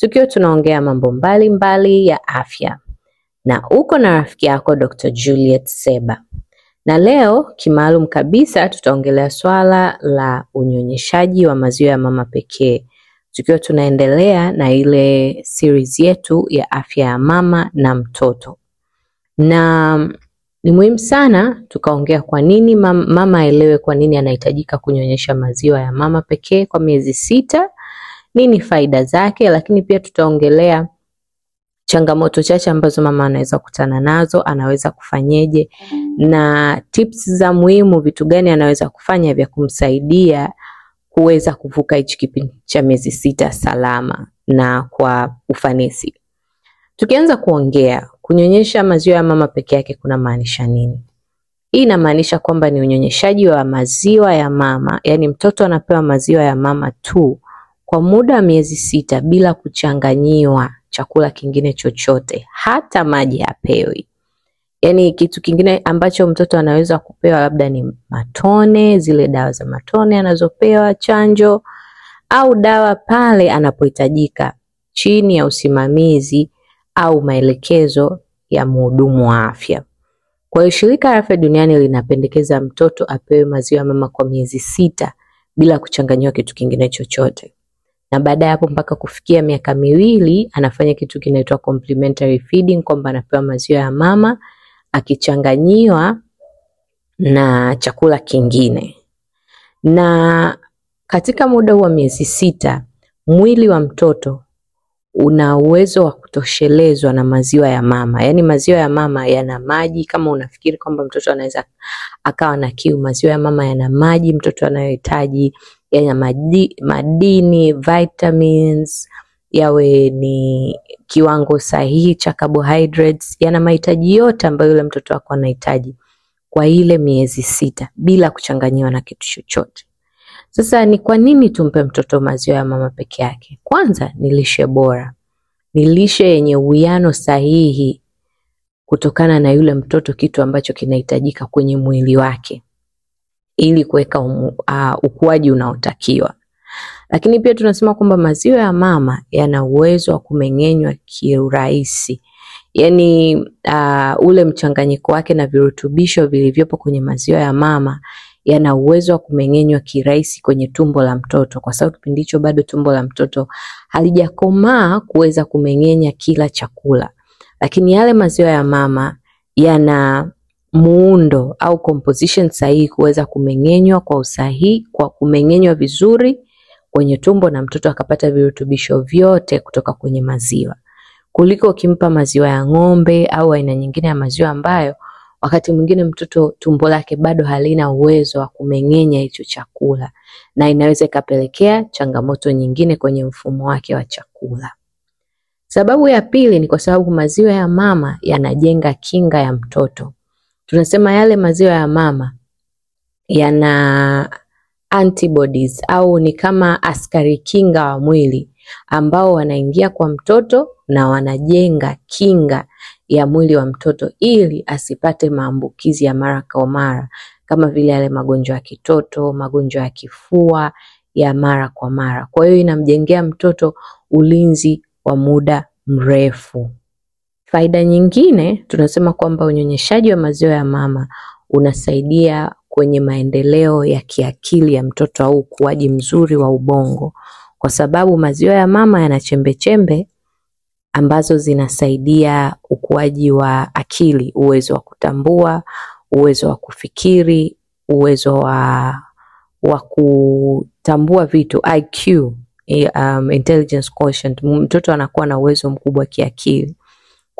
tukiwa tunaongea mambo mbalimbali mbali ya afya, na uko na rafiki yako Dr. Juliet Seba, na leo kimaalum kabisa tutaongelea swala la unyonyeshaji wa maziwa ya mama pekee, tukiwa tunaendelea na ile series yetu ya afya ya mama na mtoto na ni muhimu sana tukaongea kwa nini mama aelewe kwa nini anahitajika kunyonyesha maziwa ya mama pekee kwa miezi sita nini faida zake, lakini pia tutaongelea changamoto chache ambazo mama anaweza kutana nazo, anaweza kufanyeje, na tips za muhimu, vitu gani anaweza kufanya vya kumsaidia kuweza kuvuka hichi kipindi cha miezi sita salama na kwa ufanisi. Tukianza kuongea kunyonyesha maziwa ya mama peke yake kuna maanisha nini? Hii inamaanisha kwamba ni unyonyeshaji wa maziwa ya mama, yaani mtoto anapewa maziwa ya mama tu kwa muda wa miezi sita bila kuchanganyiwa chakula kingine chochote, hata maji hapewi. Yaani kitu kingine ambacho mtoto anaweza kupewa labda ni matone, zile dawa za matone anazopewa chanjo, au dawa pale anapohitajika chini ya usimamizi au maelekezo ya mhudumu wa afya. Kwa hiyo shirika la afya duniani linapendekeza mtoto apewe maziwa ya mama kwa miezi sita bila kuchanganyiwa kitu kingine chochote na baada ya hapo mpaka kufikia miaka miwili anafanya kitu kinaitwa complementary feeding, kwamba anapewa maziwa ya mama akichanganyiwa na chakula kingine. Na katika muda wa miezi sita mwili wa mtoto una uwezo wa kutoshelezwa na maziwa ya mama, yaani maziwa ya mama yana maji. Kama unafikiri kwamba mtoto anaweza akawa na kiu, maziwa ya mama yana maji mtoto anayohitaji yana madi, madini vitamins, yawe ni kiwango sahihi cha carbohydrates, yana mahitaji yote ambayo yule mtoto wako anahitaji kwa ile miezi sita bila kuchanganyiwa na kitu chochote. Sasa ni kwa nini tumpe mtoto maziwa ya mama peke yake? Kwanza ni lishe bora, ni lishe yenye uwiano sahihi kutokana na yule mtoto, kitu ambacho kinahitajika kwenye mwili wake ili kuweka uh, ukuaji unaotakiwa. Lakini pia tunasema kwamba maziwa ya mama yana uwezo wa kumeng'enywa kiurahisi, yaani uh, ule mchanganyiko wake na virutubisho vilivyopo kwenye maziwa ya mama yana uwezo wa kumeng'enywa kirahisi kwenye tumbo la mtoto, kwa sababu kipindi hicho bado tumbo la mtoto halijakomaa kuweza kumeng'enya kila chakula. Lakini yale maziwa ya mama yana muundo au composition sahihi kuweza kumeng'enywa kwa usahihi, kwa kumeng'enywa vizuri kwenye tumbo na mtoto akapata virutubisho vyote kutoka kwenye maziwa, kuliko ukimpa maziwa ya ng'ombe au aina nyingine ya maziwa ambayo wakati mwingine mtoto tumbo lake bado halina uwezo wa kumeng'enya hicho chakula, na inaweza ikapelekea changamoto nyingine kwenye mfumo wake wa chakula. Sababu ya pili ni kwa sababu maziwa ya mama yanajenga kinga ya mtoto tunasema yale maziwa ya mama yana antibodies au ni kama askari kinga wa mwili ambao wanaingia kwa mtoto na wanajenga kinga ya mwili wa mtoto ili asipate maambukizi ya mara kwa mara kama vile yale magonjwa ya kitoto, magonjwa ya kifua ya mara kwa mara. Kwa hiyo inamjengea mtoto ulinzi wa muda mrefu. Faida nyingine tunasema kwamba unyonyeshaji wa maziwa ya mama unasaidia kwenye maendeleo ya kiakili ya mtoto au ukuaji mzuri wa ubongo, kwa sababu maziwa ya mama yana chembe chembe ambazo zinasaidia ukuaji wa akili, uwezo wa kutambua, uwezo wa kufikiri, uwezo wa wa kutambua vitu IQ, eh, um, intelligence quotient. Mtoto anakuwa na uwezo mkubwa kiakili.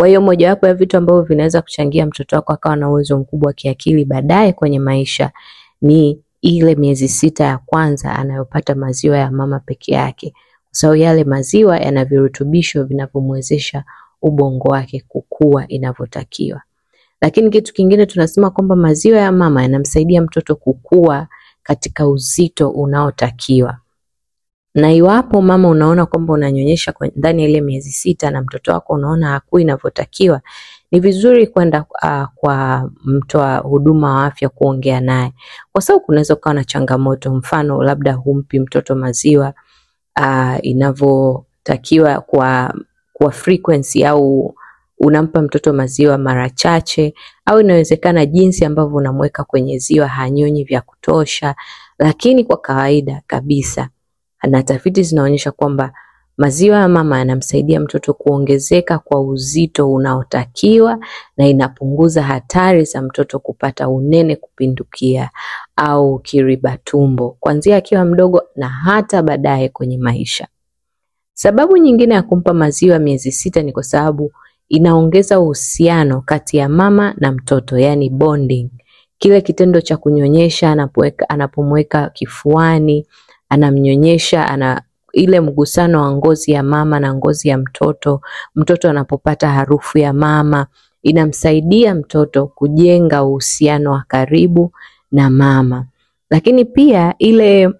Kwa hiyo mojawapo ya vitu ambavyo vinaweza kuchangia mtoto wako akawa na uwezo mkubwa wa kiakili baadaye kwenye maisha ni ile miezi sita ya kwanza anayopata maziwa ya mama peke yake, kwa sababu yale maziwa yana virutubisho vinavyomwezesha ubongo wake kukua inavyotakiwa. Lakini kitu kingine tunasema kwamba maziwa ya mama yanamsaidia mtoto kukua katika uzito unaotakiwa na iwapo mama unaona kwamba unanyonyesha ndani ya ile miezi sita na mtoto wako unaona hakui inavyotakiwa, ni vizuri kwenda uh, kwa mtoa huduma wa afya kuongea naye, kwa sababu kunaweza kuwa na changamoto. Mfano, labda humpi mtoto maziwa uh, inavyotakiwa kwa, kwa frequency au unampa mtoto maziwa mara chache, au inawezekana jinsi ambavyo unamweka kwenye ziwa hanyonyi vya kutosha. Lakini kwa kawaida kabisa na tafiti zinaonyesha kwamba maziwa ya mama yanamsaidia mtoto kuongezeka kwa uzito unaotakiwa na inapunguza hatari za mtoto kupata unene kupindukia au kiriba tumbo kuanzia akiwa mdogo na hata baadaye kwenye maisha. Sababu nyingine ya kumpa maziwa miezi sita ni kwa sababu inaongeza uhusiano kati ya mama na mtoto, yani bonding, kile kitendo cha kunyonyesha anapomweka kifuani anamnyonyesha ana ile mgusano wa ngozi ya mama na ngozi ya mtoto, mtoto anapopata harufu ya mama inamsaidia mtoto kujenga uhusiano wa karibu na mama. Lakini pia ile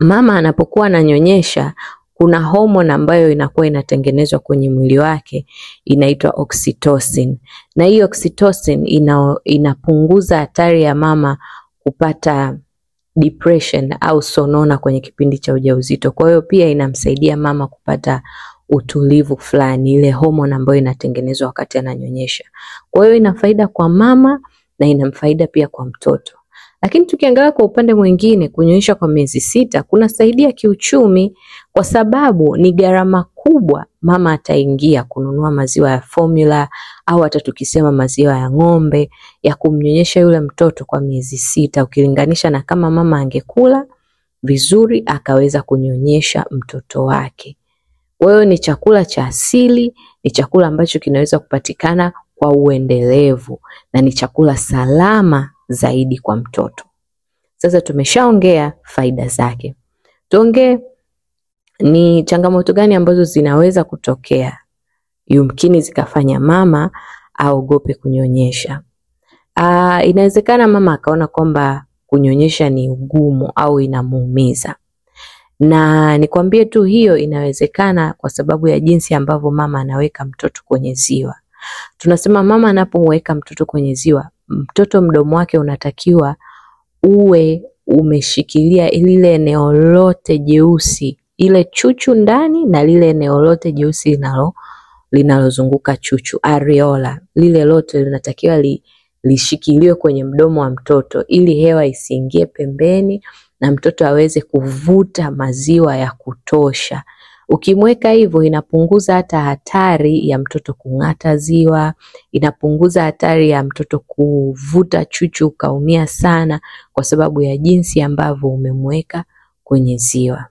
mama anapokuwa ananyonyesha, kuna homoni ambayo inakuwa inatengenezwa kwenye mwili wake inaitwa oxytocin, na hii oxytocin ina, inapunguza hatari ya mama kupata depression au sonona kwenye kipindi cha ujauzito. Kwa hiyo pia inamsaidia mama kupata utulivu fulani, ile homoni ambayo inatengenezwa wakati ananyonyesha. Kwa hiyo ina faida kwa mama na ina faida pia kwa mtoto. Lakini tukiangalia kwa upande mwingine, kunyonyesha kwa miezi sita kunasaidia kiuchumi, kwa sababu ni gharama kubwa mama ataingia kununua maziwa ya formula au hata tukisema maziwa ya ng'ombe ya kumnyonyesha yule mtoto kwa miezi sita, ukilinganisha na kama mama angekula vizuri akaweza kunyonyesha mtoto wake. Kwa hiyo ni chakula cha asili, ni chakula ambacho kinaweza kupatikana kwa uendelevu na ni chakula salama zaidi kwa mtoto. Sasa tumeshaongea faida zake, tuongee ni changamoto gani ambazo zinaweza kutokea, yumkini zikafanya mama aogope kunyonyesha. Aa, ah, inawezekana mama akaona kwamba kunyonyesha ni ugumu au inamuumiza, na nikwambie tu hiyo inawezekana kwa sababu ya jinsi ambavyo mama anaweka mtoto kwenye ziwa. Tunasema mama anapoweka mtoto kwenye ziwa, mtoto mdomo wake unatakiwa uwe umeshikilia lile eneo lote jeusi, ile chuchu ndani na lile eneo lote jeusi linalo linalozunguka chuchu areola, lile lote linatakiwa li, lishikiliwe kwenye mdomo wa mtoto ili hewa isiingie pembeni na mtoto aweze kuvuta maziwa ya kutosha. Ukimweka hivyo inapunguza hata hatari ya mtoto kung'ata ziwa, inapunguza hatari ya mtoto kuvuta chuchu ukaumia sana, kwa sababu ya jinsi ambavyo umemweka kwenye ziwa.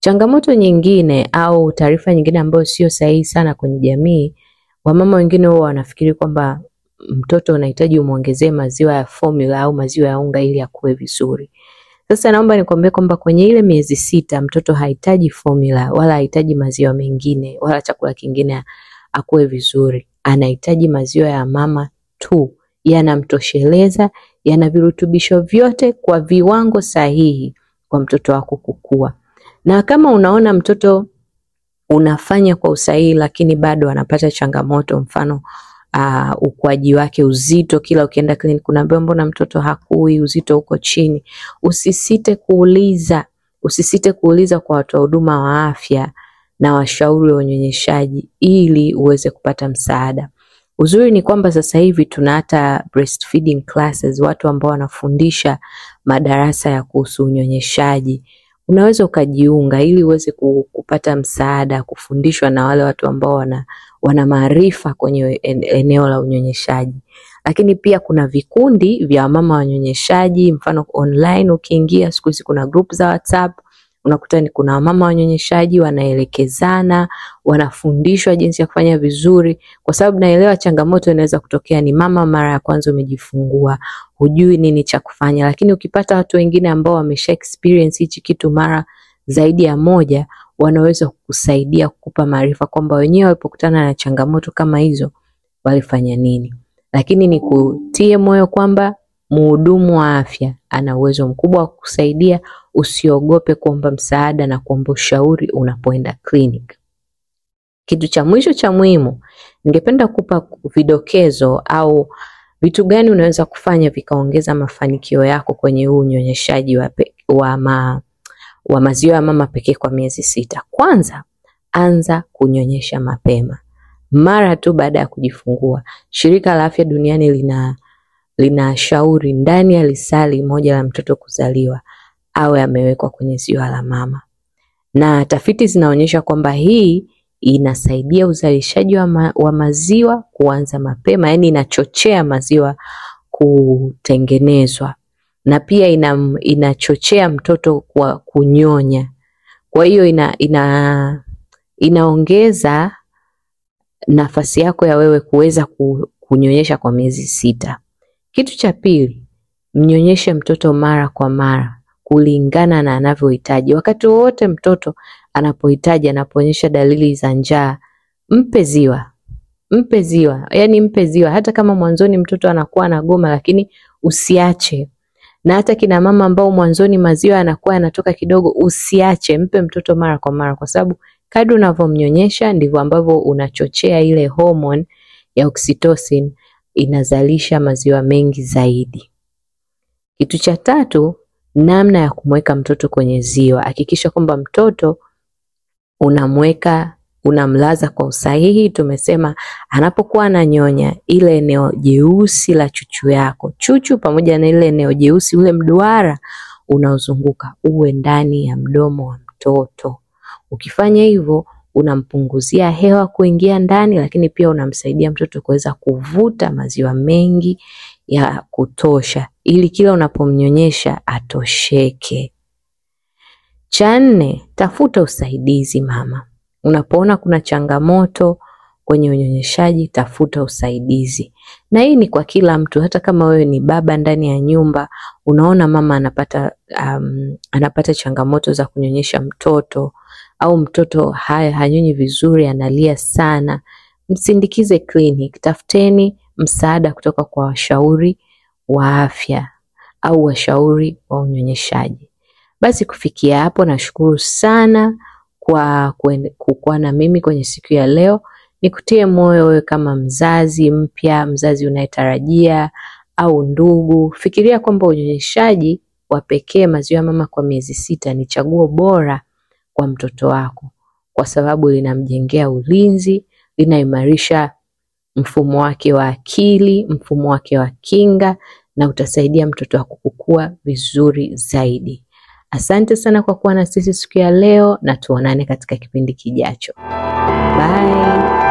Changamoto nyingine au taarifa nyingine ambayo sio sahihi sana kwenye jamii, wamama wengine huwa wanafikiri kwamba mtoto unahitaji umwongezee maziwa ya formula au maziwa ya unga ili akue vizuri. Sasa naomba nikwambie kwamba kwenye ile miezi sita mtoto hahitaji formula wala hahitaji maziwa mengine wala chakula kingine akue vizuri, anahitaji maziwa ya mama tu, yanamtosheleza, yana virutubisho vyote kwa viwango sahihi kwa mtoto wako kukua. Na kama unaona mtoto unafanya kwa usahihi, lakini bado anapata changamoto, mfano uh, ukuaji wake, uzito. Kila ukienda kliniki unaambiwa mbona mtoto hakui, uzito uko chini. Usisite kuuliza, usisite kuuliza kwa watoa huduma wa afya na washauri wa unyonyeshaji ili uweze kupata msaada. Uzuri ni kwamba sasa hivi tuna hata breastfeeding classes, watu ambao wanafundisha madarasa ya kuhusu unyonyeshaji. Unaweza ukajiunga ili uweze kupata msaada, kufundishwa na wale watu ambao wana wana maarifa kwenye eneo la unyonyeshaji. Lakini pia kuna vikundi vya wamama wanyonyeshaji, mfano online ukiingia siku hizi kuna group za WhatsApp unakuta ni kuna wamama wanyonyeshaji wanaelekezana, wanafundishwa jinsi ya kufanya vizuri, kwa sababu naelewa changamoto inaweza kutokea ni mama mara ya kwanza umejifungua, hujui nini cha kufanya. Lakini ukipata watu wengine ambao wamesha experience hichi kitu mara zaidi ya moja, wanaweza kukusaidia kukupa maarifa kwamba wenyewe walipokutana na changamoto kama hizo walifanya nini, lakini ni kutie moyo kwamba muhudumu wa afya ana uwezo mkubwa wa kukusaidia. Usiogope kuomba msaada na kuomba ushauri unapoenda kliniki. Kitu cha mwisho cha muhimu, ningependa kupa vidokezo au vitu gani unaweza kufanya vikaongeza mafanikio yako kwenye huu unyonyeshaji wa, wa, ma, wa maziwa ya mama pekee kwa miezi sita. Kwanza anza kunyonyesha mapema, mara tu baada ya kujifungua. Shirika la Afya Duniani lina linashauri ndani ya lisali moja la mtoto kuzaliwa awe amewekwa kwenye ziwa la mama, na tafiti zinaonyesha kwamba hii inasaidia uzalishaji wa, ma, wa maziwa kuanza mapema, yaani inachochea maziwa kutengenezwa na pia ina, inachochea mtoto kwa kunyonya. Kwa hiyo ina, ina, inaongeza nafasi yako ya wewe kuweza kunyonyesha kwa miezi sita. Kitu cha pili, mnyonyeshe mtoto mara kwa mara kulingana na anavyohitaji. Wakati wowote mtoto anapohitaji, anapoonyesha dalili za njaa, mpe ziwa, mpe ziwa, yani mpe ziwa. Hata kama mwanzoni mtoto anakuwa anagoma, lakini usiache na hata kina mama ambao mwanzoni maziwa yanakuwa yanatoka kidogo, usiache, mpe mtoto mara kwa mara, kwa sababu kadri unavyomnyonyesha ndivyo ambavyo unachochea ile homoni ya oxytocin inazalisha maziwa mengi zaidi. Kitu cha tatu, namna ya kumweka mtoto kwenye ziwa. Hakikisha kwamba mtoto unamweka unamlaza kwa usahihi. Tumesema anapokuwa ananyonya ile eneo jeusi la chuchu yako, chuchu pamoja na ile eneo jeusi, ule mduara unaozunguka uwe ndani ya mdomo wa mtoto. Ukifanya hivyo unampunguzia hewa kuingia ndani, lakini pia unamsaidia mtoto kuweza kuvuta maziwa mengi ya kutosha, ili kila unapomnyonyesha atosheke. Cha nne, tafuta usaidizi mama. Unapoona kuna changamoto kwenye unyonyeshaji, tafuta usaidizi. Na hii ni kwa kila mtu, hata kama wewe ni baba ndani ya nyumba, unaona mama anapata um, anapata changamoto za kunyonyesha mtoto au mtoto haya hanyonyi vizuri, analia sana, msindikize clinic, tafuteni msaada kutoka kwa washauri wa afya au washauri wa unyonyeshaji. Basi kufikia hapo, nashukuru sana kwa kukuwa na mimi kwenye siku ya leo. Nikutie moyo wewe kama mzazi mpya, mzazi unayetarajia au ndugu, fikiria kwamba unyonyeshaji wa pekee maziwa ya mama kwa miezi sita ni chaguo bora kwa mtoto wako, kwa sababu linamjengea ulinzi, linaimarisha mfumo wake wa akili, mfumo wake wa kinga na utasaidia mtoto wako kukua vizuri zaidi. Asante sana kwa kuwa na sisi siku ya leo, na tuonane katika kipindi kijacho. Bye.